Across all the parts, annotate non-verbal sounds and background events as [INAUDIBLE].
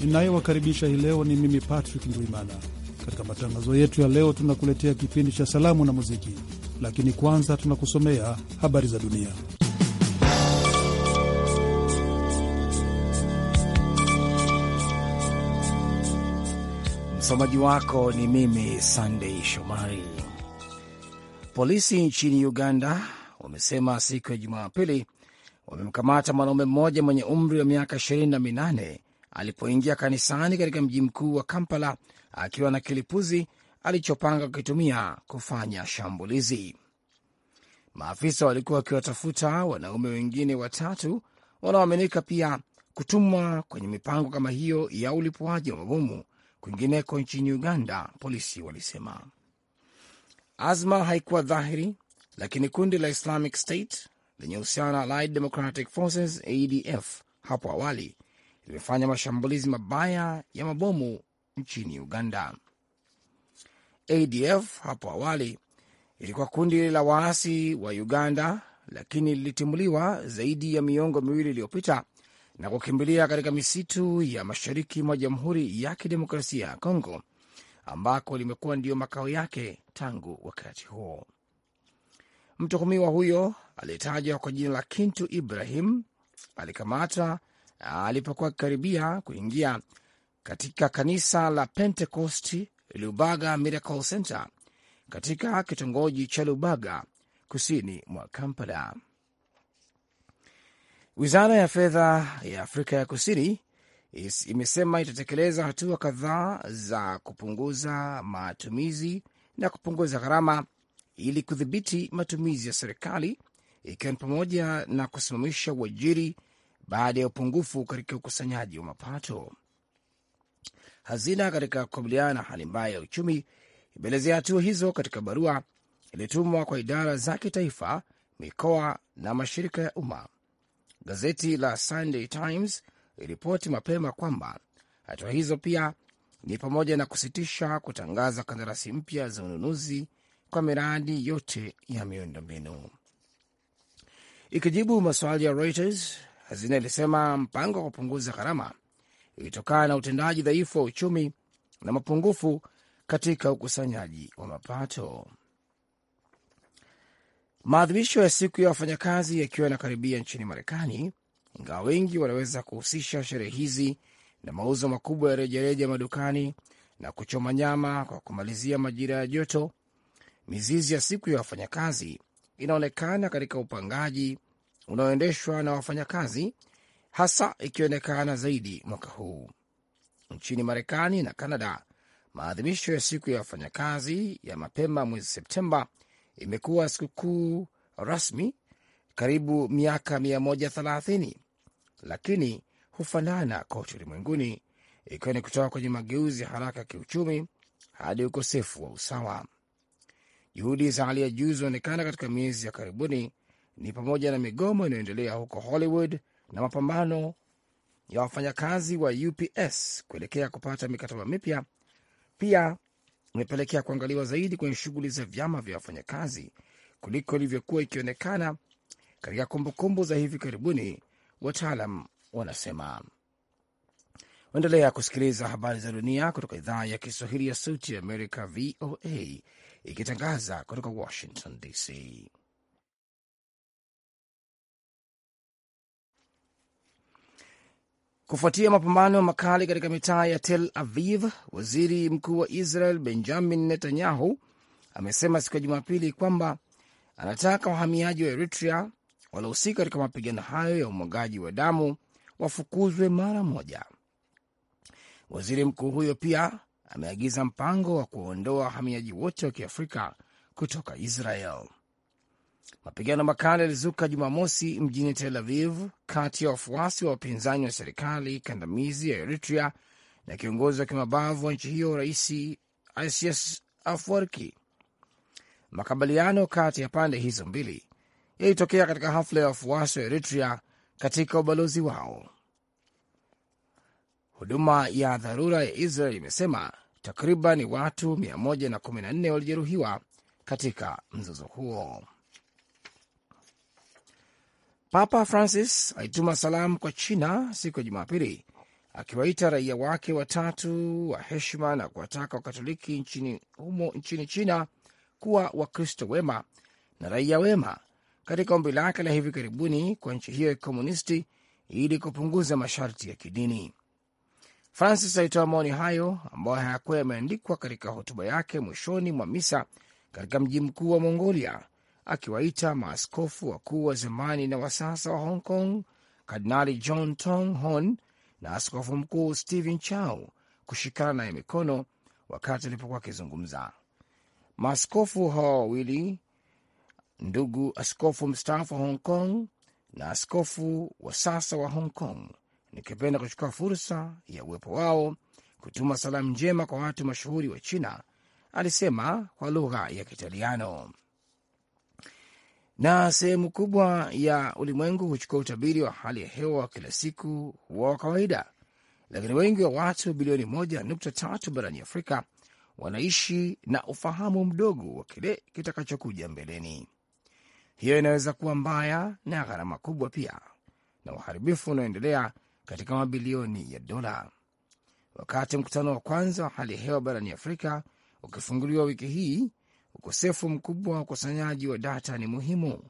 ninayewakaribisha hii leo ni mimi Patrick Ndwimana. Katika matangazo yetu ya leo, tunakuletea kipindi cha salamu na muziki, lakini kwanza tunakusomea habari za dunia. Msomaji wako ni mimi Sandei Shomari. Polisi nchini Uganda wamesema siku ya Jumapili wamemkamata mwanaume mmoja mwenye umri wa miaka ishirini na minane alipoingia kanisani katika mji mkuu wa Kampala akiwa na kilipuzi alichopanga kukitumia kufanya shambulizi. Maafisa walikuwa wakiwatafuta wanaume wengine watatu wanaoaminika pia kutumwa kwenye mipango kama hiyo ya ulipuaji wa mabomu kwingineko nchini Uganda, polisi walisema. Azma haikuwa dhahiri, lakini kundi la Islamic State lenye uhusiano na Allied Democratic Forces, ADF, hapo awali limefanya mashambulizi mabaya ya mabomu nchini Uganda. ADF hapo awali ilikuwa kundi la waasi wa Uganda, lakini lilitimuliwa zaidi ya miongo miwili iliyopita na kukimbilia katika misitu ya mashariki mwa Jamhuri ya Kidemokrasia ya Kongo ambako limekuwa ndiyo makao yake tangu wakati huo. Mtuhumiwa huyo aliyetajwa kwa jina la Kintu Ibrahim alikamatwa alipokuwa akikaribia kuingia katika kanisa la pentecost Lubaga Miracle Center katika kitongoji cha Lubaga kusini mwa Kampala. Wizara ya fedha ya Afrika ya Kusini imesema itatekeleza hatua kadhaa za kupunguza matumizi na kupunguza gharama ili kudhibiti matumizi ya serikali, ikiwa ni pamoja na kusimamisha uajiri baada ya upungufu katika ukusanyaji wa mapato. Hazina katika kukabiliana na hali mbaya ya uchumi imeelezea hatua hizo katika barua iliyotumwa kwa idara za kitaifa, mikoa na mashirika ya umma. Gazeti la Sunday Times iliripoti mapema kwamba hatua hizo pia ni pamoja na kusitisha kutangaza kandarasi mpya za ununuzi kwa miradi yote ya miundombinu. Ikijibu maswali ya Reuters Hazina ilisema mpango wa kupunguza gharama ilitokana na utendaji dhaifu wa uchumi na mapungufu katika ukusanyaji wa mapato. Maadhimisho ya siku ya wafanyakazi yakiwa yanakaribia nchini Marekani, ingawa wengi wanaweza kuhusisha sherehe hizi na mauzo makubwa ya rejareja madukani na kuchoma nyama kwa kumalizia majira ya joto. Mizizi ya siku ya wafanyakazi inaonekana katika upangaji unaoendeshwa na wafanyakazi, hasa ikionekana zaidi mwaka huu nchini Marekani na Kanada. Maadhimisho ya siku ya wafanyakazi ya mapema mwezi Septemba imekuwa sikukuu rasmi karibu miaka 130 lakini hufanana kote ulimwenguni, ikiwa ni kutoka kwenye mageuzi ya haraka ya kiuchumi hadi ukosefu wa usawa. Juhudi za hali ya juu zinaonekana katika miezi ya karibuni ni pamoja na migomo inayoendelea huko Hollywood na mapambano ya wafanyakazi wa UPS kuelekea kupata mikataba mipya. Pia imepelekea kuangaliwa zaidi kwenye shughuli za vyama vya wafanyakazi kuliko ilivyokuwa ikionekana katika kumbukumbu za hivi karibuni, wataalam wanasema. Endelea kusikiliza habari za dunia kutoka idhaa ya Kiswahili ya Sauti ya Amerika, VOA, ikitangaza kutoka Washington DC. Kufuatia mapambano makali katika mitaa ya Tel Aviv, waziri mkuu wa Israel Benjamin Netanyahu amesema siku ya Jumapili kwamba anataka wahamiaji wa Eritrea waliohusika katika mapigano hayo ya umwagaji wa damu wafukuzwe mara moja. Waziri mkuu huyo pia ameagiza mpango wa kuwaondoa wahamiaji wote wa Kiafrika kutoka Israel. Mapigano makali yalizuka Jumamosi mjini Tel Aviv kati ya wafuasi wa wapinzani wa serikali kandamizi ya Eritrea na kiongozi wa kimabavu wa nchi hiyo Rais Isaias Afwerki. makabaliano kati ya pande hizo mbili yalitokea katika hafla ya wafuasi wa Eritrea katika ubalozi wao. Huduma ya dharura ya Israel imesema takriban watu 114 walijeruhiwa katika mzozo huo. Papa Francis alituma salamu kwa China siku ya Jumapili, akiwaita raia wake watatu wa heshima na kuwataka Wakatoliki nchini humo nchini China kuwa Wakristo wema na raia wema katika ombi lake la hivi karibuni kwa nchi hiyo ya kikomunisti ili kupunguza masharti ya kidini. Francis alitoa maoni hayo ambayo hayakuwa yameandikwa katika hotuba yake mwishoni mwa misa katika mji mkuu wa Mongolia akiwaita maaskofu wakuu wa zamani na wa sasa wa Hong Kong Kardinali John Tong Hon na askofu mkuu Stephen Chow kushikana naye mikono wakati alipokuwa akizungumza. Maaskofu hawa wawili, ndugu askofu mstaafu wa Hong Kong na askofu wa sasa wa Hong Kong, nikipenda kuchukua fursa ya uwepo wao kutuma salamu njema kwa watu mashuhuri wa China, alisema kwa lugha ya Kitaliano. Na sehemu kubwa ya ulimwengu huchukua utabiri wa hali ya hewa kila siku wa kawaida, lakini wengi wa watu bilioni moja nukta tatu barani Afrika wanaishi na ufahamu mdogo wa kile kitakachokuja mbeleni. Hiyo inaweza kuwa mbaya na gharama kubwa pia, na uharibifu unaoendelea katika mabilioni ya dola. Wakati mkutano wa kwanza wa hali ya hewa barani Afrika ukifunguliwa wiki hii, ukosefu mkubwa wa ukusanyaji wa data ni muhimu.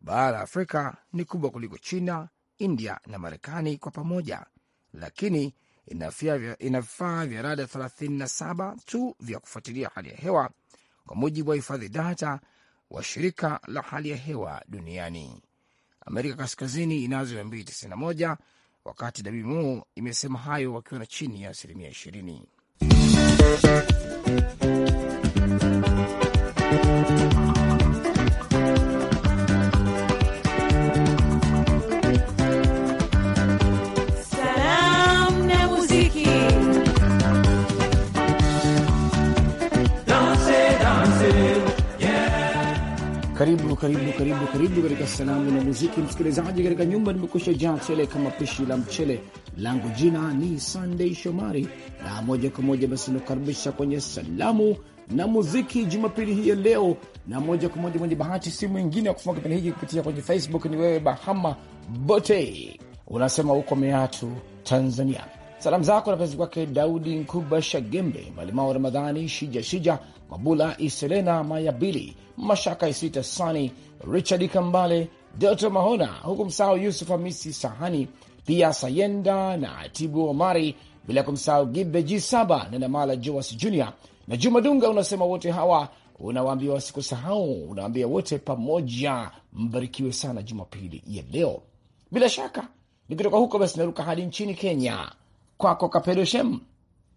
Bara la Afrika ni kubwa kuliko China, India na Marekani kwa pamoja, lakini ina vifaa vya rada 37 tu vya kufuatilia hali ya hewa, kwa mujibu wa hifadhi data wa shirika la hali ya hewa duniani. Amerika Kaskazini inazo 291 wakati WMO imesema hayo wakiwa na chini ya asilimia 20. Karibu karibu karibu karibu katika salamu na muziki, msikilizaji. Katika nyumba nimekusha jaa tele kama pishi la mchele. Langu jina ni Sunday Shomari, na moja kwa moja basi nakukaribisha kwenye salamu na muziki jumapili hii ya leo, na moja kwa moja mwenye bahati si mwingine wa kufunga kipindi hiki kupitia kwenye Facebook ni wewe Bahama Bote, unasema huko Meatu, Tanzania. Salamu zako napezi kwake Daudi Nkuba Shagembe, Malimao Ramadhani, Shija Shija Mabula, Iselena Mayabili, Mashaka Isita Sani, Richard Kambale, Doto Mahona, huku msahau Yusuf Amisi Sahani, pia Sayenda na Tibu Omari, bila kumsahau Gibe G Saba na Namala Joas Junior na Juma Dunga. Unasema wote hawa unawaambia wasikusahau, unawaambia wote pamoja mbarikiwe sana jumapili ya leo. Bila shaka nikitoka huko basi naruka hadi nchini Kenya kwako Kapedo Shem.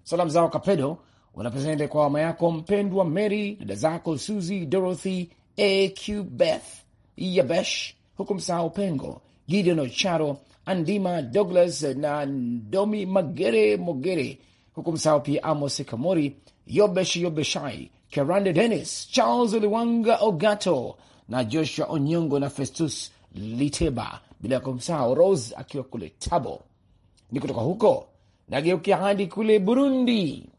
Salamu zao Kapedo unapezende kwa mama yako mpendwa Mary, dada zako Suzi, Dorothy, Aq Beth, Yabesh, huku msahau Pengo, Gideon Ocharo, Andima Douglas na Ndomi Magere Mogere, huku msahau pia Amos Kamori, Yobesh Yobeshai, Kerande Dennis, Charles Liwanga Ogato na Joshua Onyongo na Festus Liteba, bila ya kumsahau Rose akiwa kule Tabo. Ni kutoka huko Nageukia hadi kule Burundi,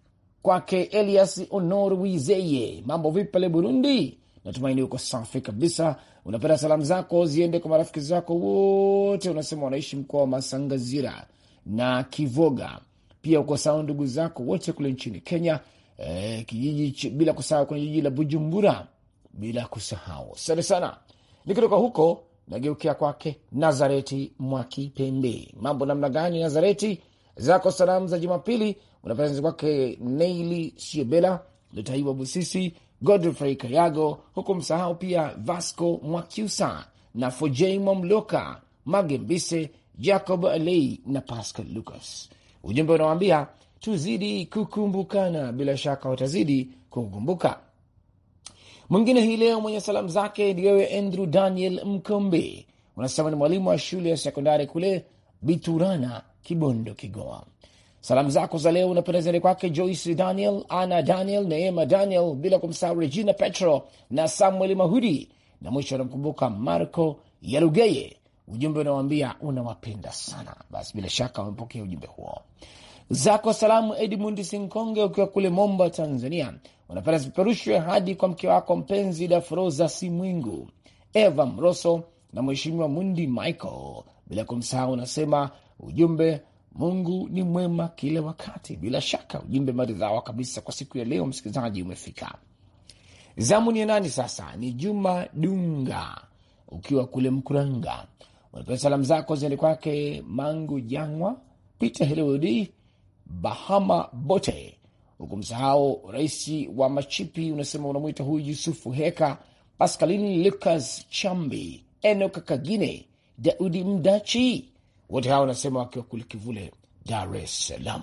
kwake Elias Honor Wizeye. Mambo vipi pale Burundi? Natumaini uko safi kabisa. Unapenda salamu zako ziende kwa marafiki zako wote, unasema wanaishi mkoa wa Masangazira na Kivoga, pia uko sawa ndugu zako wote kule nchini Kenya eh, kijiji bila kusahau kwenye jiji la Bujumbura bila kusahau. Asante sana. Nikitoka huko nageukia kwake Nazareti Mwakipembe. Mambo namna gani Nazareti? zako salamu za Jumapili unapenzi kwake Neili siebela Lutaiwa Busisi Godfrey Kayago, huku msahau pia Vasco Mwakyusa na Fojei Mwamloka Magembise Jacob Alei na Pascal Lucas. Ujumbe unawaambia tuzidi kukumbukana, bila shaka watazidi kukumbuka. Mwingine hii leo mwenye salamu zake ni wewe Andrew Daniel Mkombe, unasema ni mwalimu wa shule ya sekondari kule Biturana Kibondo Kigoa. Salamu zako za leo unapendezani kwake Joyce Daniel, Ana Daniel, Neema Daniel, bila kumsahau Regina Petro na Samuel Mahudi, na mwisho anamkumbuka Marco Yarugeye. Ujumbe unawambia unawapenda sana. Basi bila shaka wamepokea ujumbe huo. Zako salamu Edmund Sinkonge, ukiwa kule Momba, Tanzania, unapenda zipeperushwe hadi kwa mke wako mpenzi Dafroza Simwingu, Eva Mroso na Mheshimiwa Mundi Michael, bila kumsahau unasema ujumbe Mungu ni mwema kila wakati. Bila shaka ujumbe maridhawa kabisa kwa siku ya leo, msikilizaji, umefika. Zamu ni nani sasa? Ni Juma Dunga, ukiwa kule Mkuranga, unapea salamu zako ziende kwake Mangu Jangwa, Peter Helewedi, Bahama Bote, huku msahau rais wa Machipi. Unasema unamwita huyu Yusufu Heka, Paskalini Lucas Chambi, Enokakagine, Daudi Mdachi wote hawa wanasema wakiwa kule Kivule, Dar es Salaam.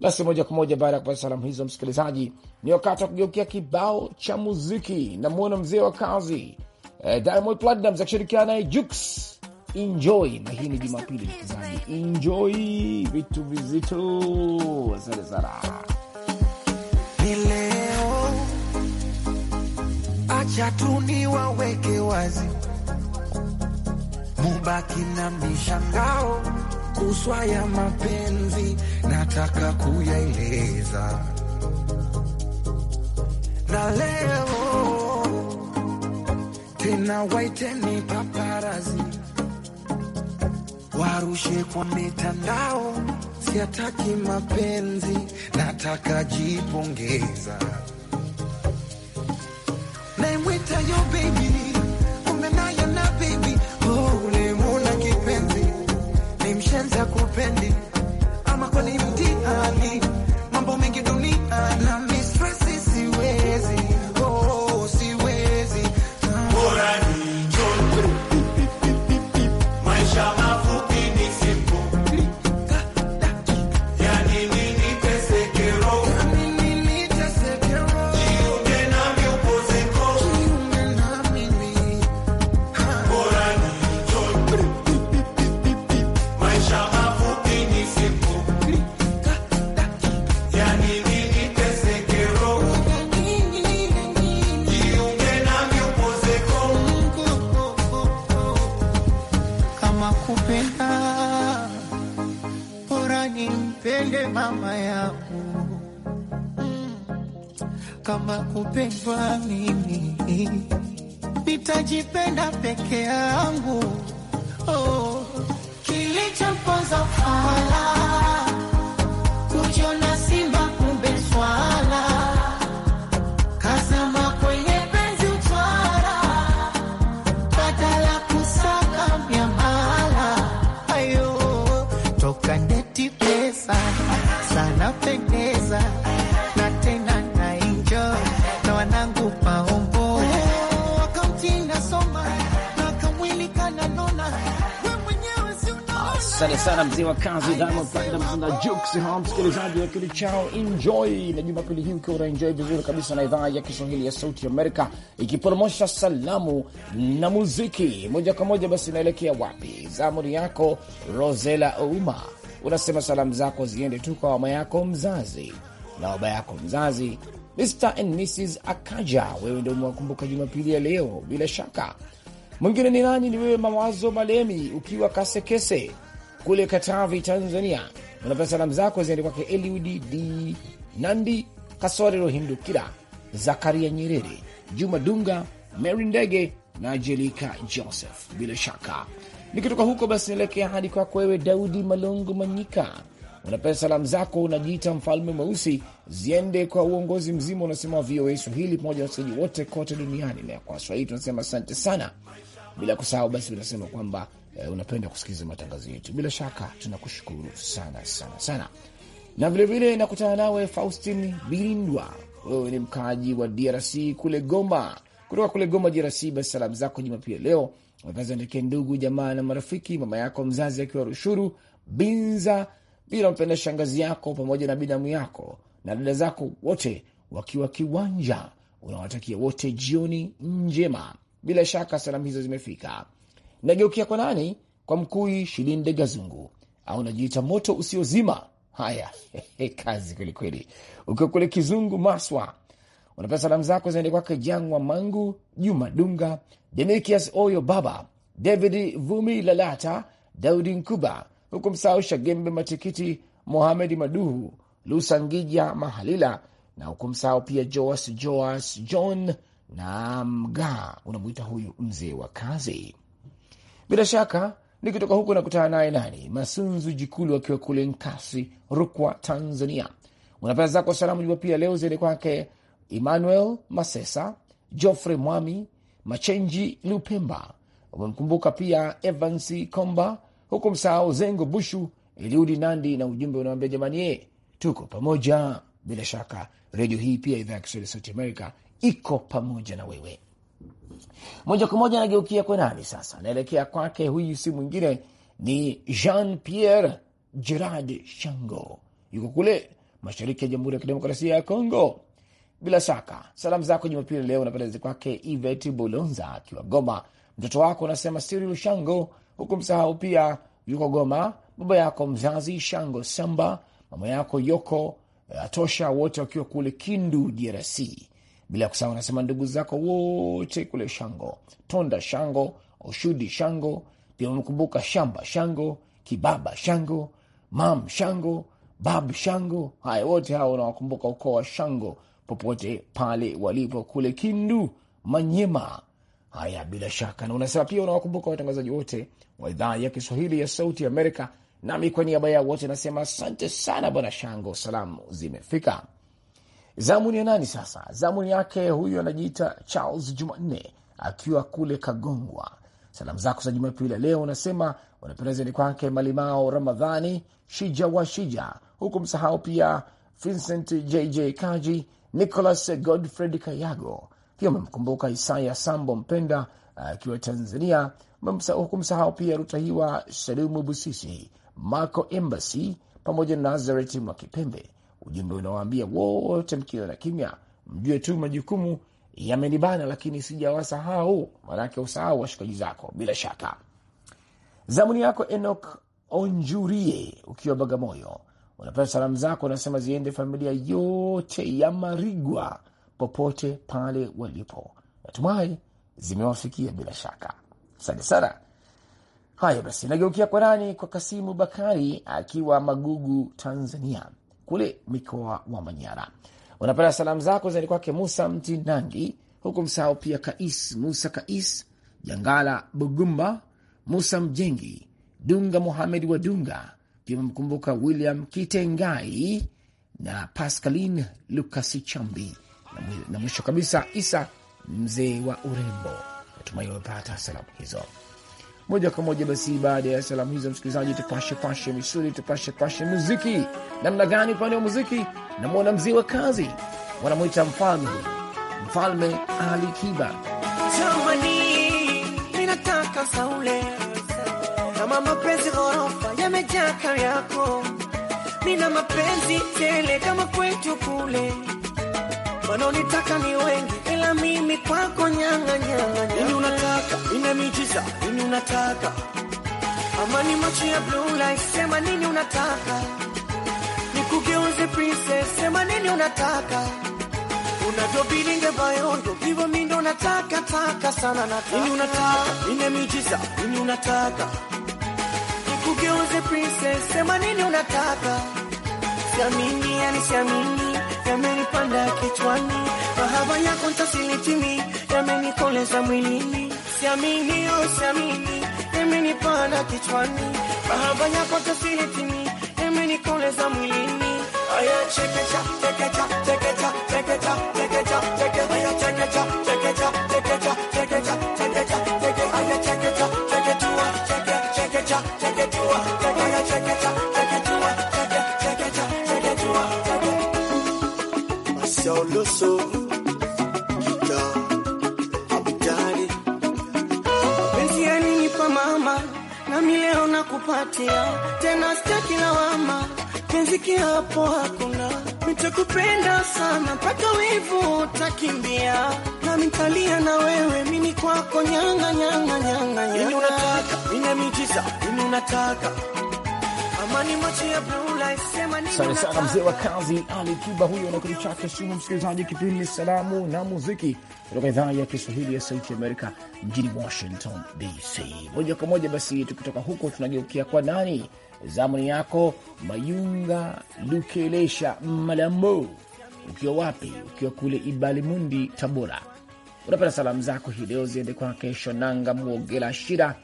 Basi moja kwa moja baada ya kupata salamu hizo, msikilizaji, ni wakati wa kugeukia kibao cha muziki. Namwona mzee wa kazi eh, Diamond Platnumz akishirikiana naye Jux Enjoy, na hii ni Jumapili msikilizaji, enjoy vitu vizito. Asante sana, leo, acha tu niwaweke wazi mubaki na mishangao kuswa ya mapenzi, nataka kuyaeleza na leo tena, waiteni paparazi warushe kwa mitandao, siataki mapenzi, nataka jipongeza, naimwita yo baby upendi ama kwani mtihani, mambo mengi dunia kama kupenda, bora nimpende mama yangu kama kupendwa mimi, nitajipenda peke yangu. Oh, kilichoponza falaa Asante sana mzee wa kazi Diamond Platnumz na Jux. Hao msikilizaji wa kile chao enjoy na Jumapili hii ukiwa unaenjoy vizuri kabisa na idhaa ya Kiswahili ya Sauti Amerika ikipromosha salamu na muziki moja kwa moja. Basi naelekea wapi? Zamuri yako Rosela Ouma, unasema salamu zako ziende tu kwa mama yako mzazi na baba yako mzazi Mr. and Mrs. Akaja, wewe ndio umewakumbuka Jumapili ya leo bila shaka. Mwingine ni nani? Ni wewe Mawazo Malemi ukiwa Kasekese kule Katavi, Tanzania, unapea salamu zako ziende kwake Eliudi D Nandi, Kasore Rohindukira, Zakaria Nyerere, Juma Dunga, Mary Ndege na Angelika Joseph. Bila shaka nikitoka huko basi naelekea hadi kwako wewe Daudi Malongo Manyika, unapea salamu zako unajiita mfalme mweusi, ziende kwa uongozi mzima unasema VOA Swahili pamoja na wasikilizaji wote kote duniani, na kwa Swahili tunasema asante sana, bila kusahau basi unasema kwamba eh, unapenda kusikiliza matangazo yetu. Bila shaka tunakushukuru sana sana sana, na vilevile nakutana nawe Faustin Birindwa, wewe ni mkaaji wa DRC kule Goma, kutoka kule Goma DRC. Basi salamu zako Jumapili leo aziandekee ndugu jamaa na marafiki, mama yako mzazi akiwa Rushuru Binza, bila mpenda shangazi yako pamoja na binamu yako na dada zako wote wakiwa Kiwanja. Unawatakia wote jioni njema. Bila shaka salamu hizo zimefika. Nageukia kwa nani? Kwa Mkui Shilinde Gazungu, au najiita moto usiozima. Haya, [LAUGHS] kazi kwelikweli. Ukiwa kule Kizungu Maswa, unapea salamu zako zaende kwake Jangwa Mangu, Juma Dunga, Demikias Oyo, Baba David Vumi, Lalata Daudi Nkuba, huku msahau Shagembe Matikiti, Mohamedi Maduhu, Lusangija Mahalila, na huku msahau pia Joas Joas John na Mga, unamwita huyu mzee wa kazi bila shaka nikitoka huko nakutana naye nani, Masunzu Jikulu akiwa kule Nkasi, Rukwa, Tanzania. Unapenda zako salamu Jumapili leo ziende kwake Emmanuel Masesa, Geoffrey Mwami, Machenji Lupemba. Umemkumbuka pia Evans Komba, huku msahau Zengo Bushu, Eliudi Nandi, na ujumbe unaambia jamani, ye eh, tuko pamoja. Bila shaka redio hii pia idhaa ya Kiswahili Sauti Amerika iko pamoja na wewe. Moja kwa moja anageukia kwa nani sasa? Anaelekea kwake, huyu si mwingine ni Jean Pierre Gerard Shango, yuko kule mashariki ya Jamhuri ya Kidemokrasia ya Kongo. Bila shaka salamu zako Jumapili leo napendezi kwake Ivet Bolonza akiwa Goma, mtoto wako anasema Siril Shango, huku msahau pia yuko Goma, baba yako mzazi Shango Samba, mama yako Yoko eh, Atosha, wote wakiwa kule Kindu, DRC bila ya kusahau anasema ndugu zako wote kule Shango, Tonda Shango, Ushudi Shango, pia wamkumbuka Shamba Shango, Kibaba Shango, Mam Shango, Bab Shango. Haya, wote hawa unawakumbuka ukoo wa Shango popote pale walipo kule Kindu, Manyema. Haya, bila shaka na unasema pia unawakumbuka watangazaji wote wa idhaa ya Kiswahili ya Sauti Amerika. Nami kwa niaba yao wote nasema asante sana, Bwana Shango, salamu zimefika. Zamu ni ya nani sasa? Zamu ni yake huyu, anajiita Charles Jumanne akiwa kule Kagongwa. Salamu zako za Jumapili leo unasema unapenda zaidi kwake Malimao Ramadhani Shija wa Shija, huku msahau pia Vincent JJ Kaji, Nicholas Godfred Kayago. Pia umemkumbuka Isaya Sambo Mpenda akiwa Tanzania, huku msahau pia Rutahiwa Salumu Busisi, Marco Embassy pamoja na Nazareti Mwakipembe. Ujumbe unawaambia wote, mkiwa na kimya, mjue tu majukumu yamenibana, lakini sijawasahau. Maanake usahau washikaji zako bila shaka. Zamuni yako Enok Onjurie ukiwa Bagamoyo, unapata salamu zako, unasema ziende familia yote ya Marigwa popote pale walipo, natumai zimewafikia bila shaka. Asante sana. Haya basi, nageukia kwa nani? Kwa Kasimu Bakari akiwa Magugu, Tanzania kule mikoa wa Manyara. Unapenda salamu zako zaidi kwake Musa mtinangi huku msahau pia Kais Musa Kais Jangala, Bugumba Musa Mjengi, Dunga Muhamed wa Dunga, pia amemkumbuka William Kitengai na Pascalin Lukasi Chambi na mwisho kabisa Isa mzee wa urembo. Natumai wamepata salamu hizo moja kwa moja. Basi baada ya salamu hizo, msikilizaji, tupashe pashe misuri tupashe pashe muziki. Namna gani upande wa muziki? Namwona mzee wa kazi, wanamwita mfalme, Mfalme Ali Kiba. Tamani ninataka saule kama mapenzi ghorofa yako, nina mapenzi tele kama kwetu kule, wanaonitaka ni wengi hela mimi kwako nyanga nyanga. Nini unataka? Nina miujiza. Nini unataka? Ama ni macho ya blue light, sema nini unataka? Nikugeuze princess, sema nini unataka? Unavyobilinge bayondo, vivo mimi ndo taka sana nataka. Nini unataka? Nina miujiza. Nini unataka? Nikugeuze princess, sema nini unataka? Siamini, yani siamini, yamenipanda kichwani mahaba yako ntasili yamenikoleza mwilini, siamini o oh, siamini, yamenipanda kichwani, mahaba yako ntasili yamenikoleza nifike hapo hakuna, mitakupenda sana mpaka wivu utakimbia, na mitalia na wewe mimi kwako, nyanga nyanga nyanga, nyanga. Nini unataka? Nini unataka? Asante sana mzee wa kazi Ali Kiba huyo na kitu chake sumu. Msikilizaji, kipindi ni salamu na muziki kutoka idhaa ya Kiswahili ya Sauti Amerika mjini Washington DC. Moja kwa moja basi tukitoka huko tunageukia kwa nani? Zamani yako Mayunga Lukelesha Malambo, ukiwa wapi? Ukiwa kule Ibalimundi, Tabora. unapata salamu zako hii leo ziende kwake Shonanga Mwogela Shira,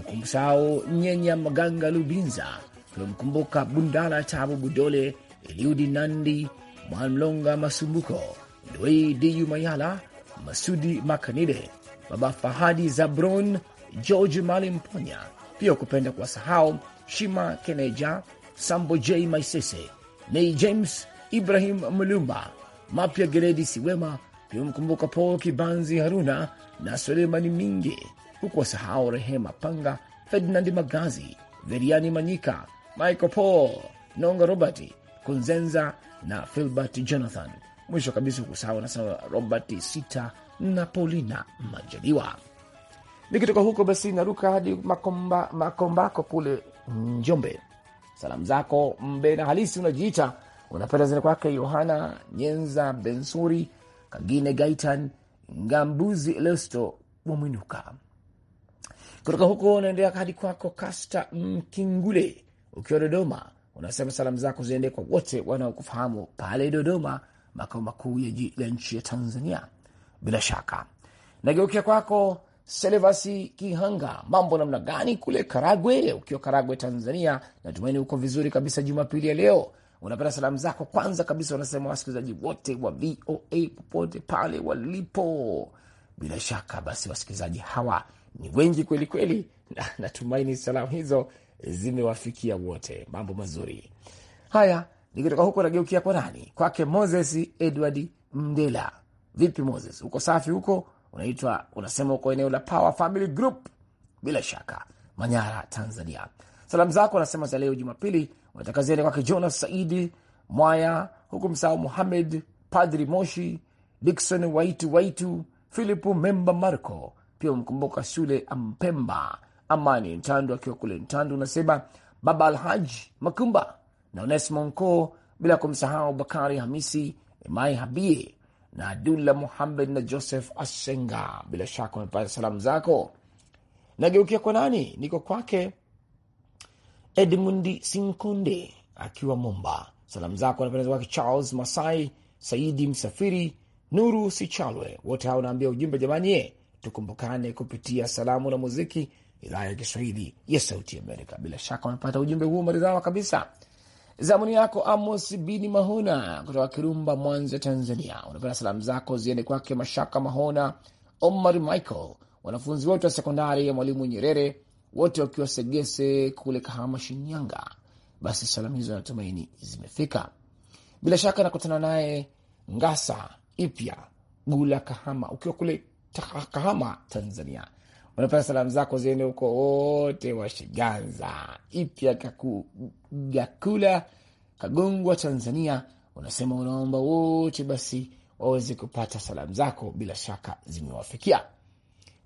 ukumsahau Nyenya Maganga Lubinza tunamkumbuka Bundala Tabu Budole, Eliudi Nandi, Mwanlonga Masumbuko, Ndwei Diyu Mayala, Masudi Makanide, Baba Fahadi Zabron, George Mali Mponya, pia kupenda sahau Shima Keneja, Sambo J Maisese, Nei James, Ibrahim Mulumba, Mapya geredi Siwema, pia mkumbuka Paul Kibanzi Haruna na Suleimani Minge, huku wasahau Rehema Panga, Ferdinandi Magazi, Veriani Manyika, Michael Paul, Nonga Robert Kunzenza na Filbert Jonathan. Mwisho kabisa hukusahau nasema Robert Sita na Paulina Majaliwa. Nikitoka huko basi naruka hadi Makomba, Makombako kule Njombe. Salamu zako mbe na halisi unajiita unapenda zina kwake Yohana Nyenza Bensuri Kagine Gaitan Ngambuzi Lesto Wamwinuka. Kutoka huko unaendelea hadi kwako Kasta Mkingule ukiwa Dodoma, unasema salamu zako ziende kwa wote wanaokufahamu pale Dodoma, makao makuu ya la nchi ya Tanzania. Bila shaka nageukia kwako Selevasi Kihanga, mambo namna gani kule Karagwe? Ukiwa Karagwe, Tanzania, natumaini uko vizuri kabisa. Jumapili ya leo unapata salamu zako. Kwanza kabisa unasema wasikilizaji wote wa VOA popote pale walipo. Bila shaka basi wasikilizaji hawa ni wengi kweli kweli, na natumaini salamu hizo zimewafikia wote. Mambo mazuri haya. Nikitoka huko nageukia kwa nani? Kwake Moses Edward Mdela. Vipi Moses, uko safi huko? Unaitwa unasema uko eneo la Power Family Group, bila shaka Manyara, Tanzania. Salamu zako anasema za leo Jumapili unataka kwake Jonas Saidi Mwaya, huku msahau Muhamed Padri Moshi, Dikson Waitu Waitu, Philipu Memba Marco, pia umkumbuka shule Ampemba Amani Ntandu akiwa kule Ntandu, unasema Baba Alhaji Makumba na Onesimo Nkoo, bila kumsahau Bakari Hamisi, Mai Habie na Abdullah Muhamed na Joseph Asenga. Bila shaka wamepata salamu zako. Nageukia kwa nani? Niko kwake Edmundi Sinkonde akiwa Momba. Salamu zako anapendeza kwake Charles Masai, Saidi Msafiri, Nuru Sichalwe, wote hao unaambia ujumbe, jamani, tukumbukane kupitia salamu na muziki idhaa ya Kiswahili ya Sauti Amerika. Bila shaka wamepata ujumbe huo maridhawa kabisa. Zamuni yako Amos Bini Mahona kutoka Kirumba, Mwanza, Tanzania. Unapenda salamu zako ziende kwake Mashaka Mahona, Omar Michael, wanafunzi wote wa sekondari ya Mwalimu Nyerere, wote wakiwa Segese kule Kahama, Shinyanga. Basi salamu hizo natumaini zimefika. Bila shaka nakutana naye Ngasa Ipya Gula Kahama, ukiwa kule Kahama, Tanzania unapata salamu zako ziende huko wote Washiganza ipya Gakula Kagongwa, Tanzania. Unasema unaomba wote basi waweze kupata salamu zako, bila shaka zimewafikia.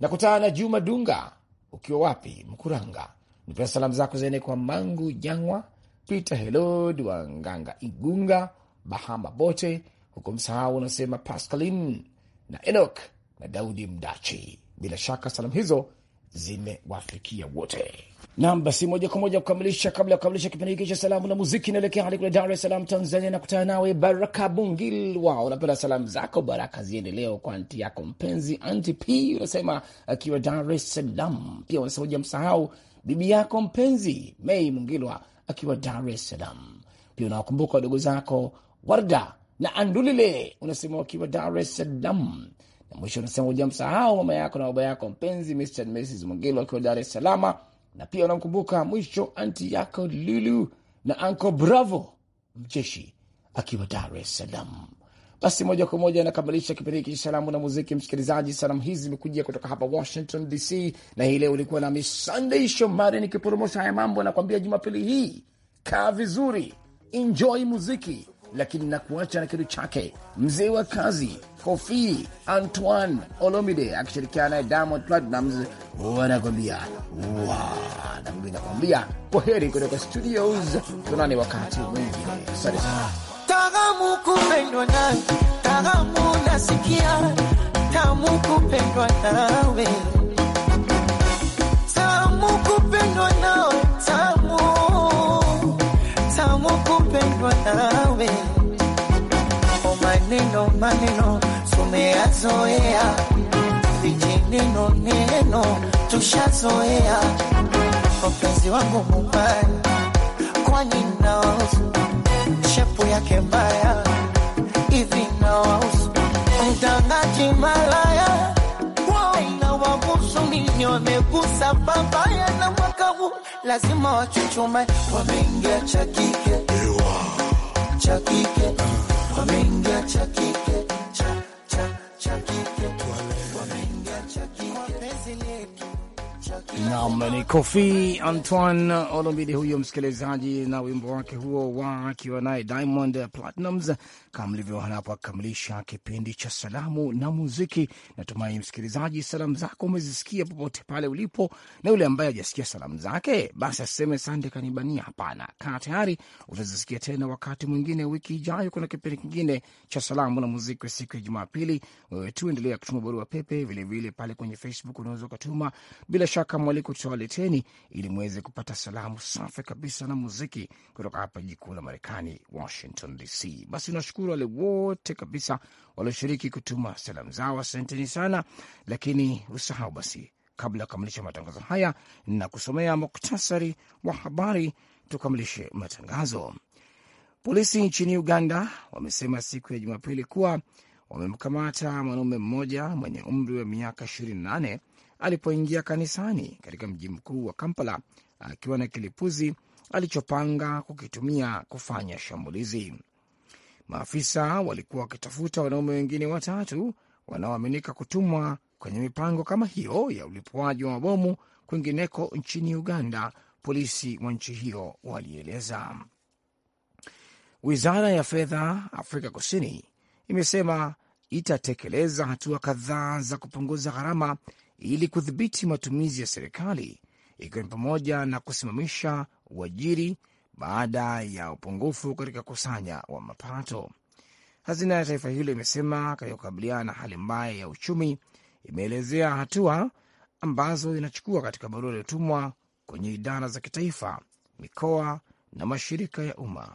Nakutana na Juma Dunga, ukiwa wapi? Mkuranga. Nipata salamu zako ziende kwa Mangu Jangwa, Peter Helod wa Nganga Igunga, Bahama bote huko, msahau unasema Pascalin na Enok na Daudi Mdachi bila shaka salamu hizo zimewafikia wote. Nam basi, moja kwa moja kukamilisha, kabla ya kukamilisha kipindi hiki cha salamu na muziki, naelekea hadi kule Dar es Salaam, Tanzania, nakutana nawe Baraka Bungil. Wao unapenda salamu zako Baraka ziendeleo kwa anti yako mpenzi, anti P unasema akiwa Dar es Salaam. Pia unasema hujamsahau bibi yako mpenzi Mei Mungilwa akiwa Dar es Salaam. Pia unawakumbuka wadogo zako Warda na Andulile, unasema wakiwa Dar es Salaam na mwisho anasema hujamsahau mama yako na baba yako mpenzi, Mr and Mrs Mwangelo akiwa Dar es Salaam, na pia unamkumbuka mwisho anti yako Lulu na Uncle Bravo mcheshi akiwa Dar es Salaam. Basi moja kwa moja anakamilisha kipindi hiki cha salamu na muziki. Msikilizaji, salamu hizi zimekujia kutoka hapa Washington DC, na hii leo ulikuwa nami Sunday Shomari nikipromosha haya mambo. Nakwambia jumapili hii kaa vizuri, enjoy muziki lakini nakuacha na kitu chake mzee wa kazi Kofi Antoine Olomide akishirikiana naye Diamond Platnumz wanakwambia wa nakwambia kwa heri kutoka studios, tunani wakati mwingine. Asante sana. kupendwa nawe, nasikia, tamu kupendwa nawe, tamu kupendwa nawe, tamu tamu kupendwa nawe neno maneno tumeyazoea, vijineno neno tushazoea. Mpenzi wangu mubaya, kwani nawausu shepu yake mbaya hivi, nawausu mtangaji malaya, wanawabusu nini, wamegusa babaya na mwakavu, lazima wachuchumae, wameingia cha kike cha kike Nam ni Kofi Antoine Olomide huyo msikilizaji, na wimbo wake huo wa akiwa naye Diamond Platnumz kama ilivyo anapokamilisha kipindi cha salamu na muziki. Natumai msikilizaji, salamu zako umezisikia popote pale ulipo, na yule ambaye hajasikia salamu zake, basi aseme sande kanibania. Hapana, kaa tayari, utazisikia tena wakati mwingine wiki ijayo. Kuna kipindi kingine cha salamu na muziki wa siku ya Jumapili. Wewe tu endelea kutuma barua pepe, vilevile pale kwenye Facebook unaweza ukatuma. Bila shaka mwaliko tutawaleteni ili mweze kupata salamu safi kabisa na muziki kutoka hapa jikuu la Marekani, Washington DC. Basi nashukuru kuwashukuru wale wote kabisa walioshiriki kutuma salamu zao, asanteni sana. Lakini usahau basi, kabla ya kukamilisha matangazo haya na kusomea muktasari wa habari, tukamilishe matangazo. Polisi nchini Uganda wamesema siku ya Jumapili kuwa wamemkamata mwanaume mmoja mwenye umri wa miaka 28 alipoingia kanisani katika mji mkuu wa Kampala akiwa na kilipuzi alichopanga kukitumia kufanya shambulizi. Maafisa walikuwa wakitafuta wanaume wengine watatu wanaoaminika kutumwa kwenye mipango kama hiyo ya ulipuaji wa mabomu kwingineko nchini Uganda, polisi wa nchi hiyo walieleza. Wizara ya fedha Afrika Kusini imesema itatekeleza hatua kadhaa za kupunguza gharama ili kudhibiti matumizi ya serikali, ikiwa ni pamoja na kusimamisha uajiri baada ya upungufu katika kusanya wa mapato. Hazina ya taifa hilo imesema katika kukabiliana na hali mbaya ya uchumi, imeelezea hatua ambazo inachukua katika barua iliyotumwa kwenye idara za kitaifa, mikoa na mashirika ya umma.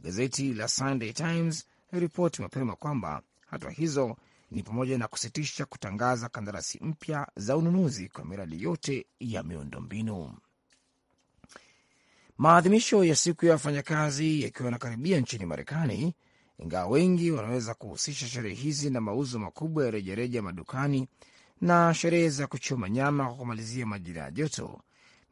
Gazeti la Sunday Times ripoti mapema kwamba hatua hizo ni pamoja na kusitisha kutangaza kandarasi mpya za ununuzi kwa miradi yote ya miundombinu. Maadhimisho ya siku ya wafanyakazi yakiwa yanakaribia nchini Marekani, ingawa wengi wanaweza kuhusisha sherehe hizi na mauzo makubwa ya rejareja madukani na sherehe za kuchoma nyama kwa kumalizia majira ya joto,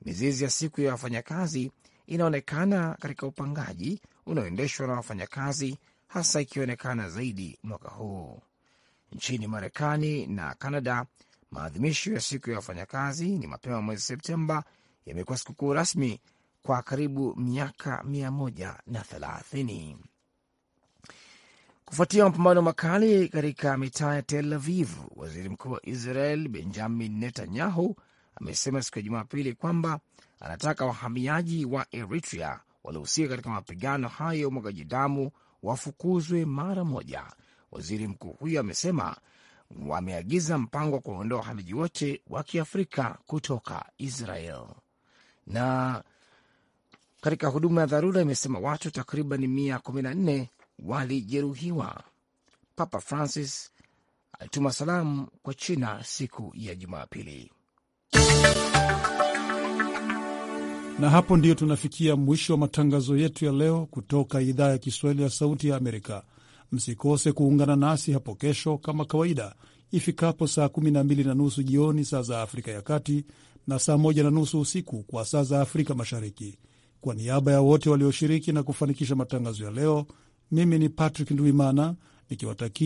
mizizi ya siku ya wafanyakazi inaonekana katika upangaji unaoendeshwa na wafanyakazi, hasa ikionekana zaidi mwaka huu nchini Marekani na Kanada. Maadhimisho ya siku ya wafanyakazi ni mapema mwezi Septemba yamekuwa sikukuu rasmi kwa karibu miaka mia moja na thelathini kufuatia mapambano makali katika mitaa ya Tel Aviv. Waziri mkuu wa Israel Benjamin Netanyahu amesema siku ya Jumapili kwamba anataka wahamiaji wa Eritrea waliohusika katika mapigano hayo mwagaji umwagaji damu wafukuzwe mara moja. Waziri mkuu huyo amesema wameagiza mpango wa kuondoa wahamiaji wote wa kiafrika kutoka Israel. Na katika huduma ya dharura imesema watu takriban mia kumi na nne walijeruhiwa. Papa Francis alituma salamu kwa China siku ya Jumapili. Na hapo ndiyo tunafikia mwisho wa matangazo yetu ya leo kutoka idhaa ya Kiswahili ya Sauti ya Amerika. Msikose kuungana nasi hapo kesho kama kawaida ifikapo saa 12 na nusu jioni saa za Afrika ya Kati na saa 1 na nusu usiku kwa saa za Afrika Mashariki. Kwa niaba ya wote walioshiriki na kufanikisha matangazo ya leo, mimi ni Patrick Ndwimana nikiwatakia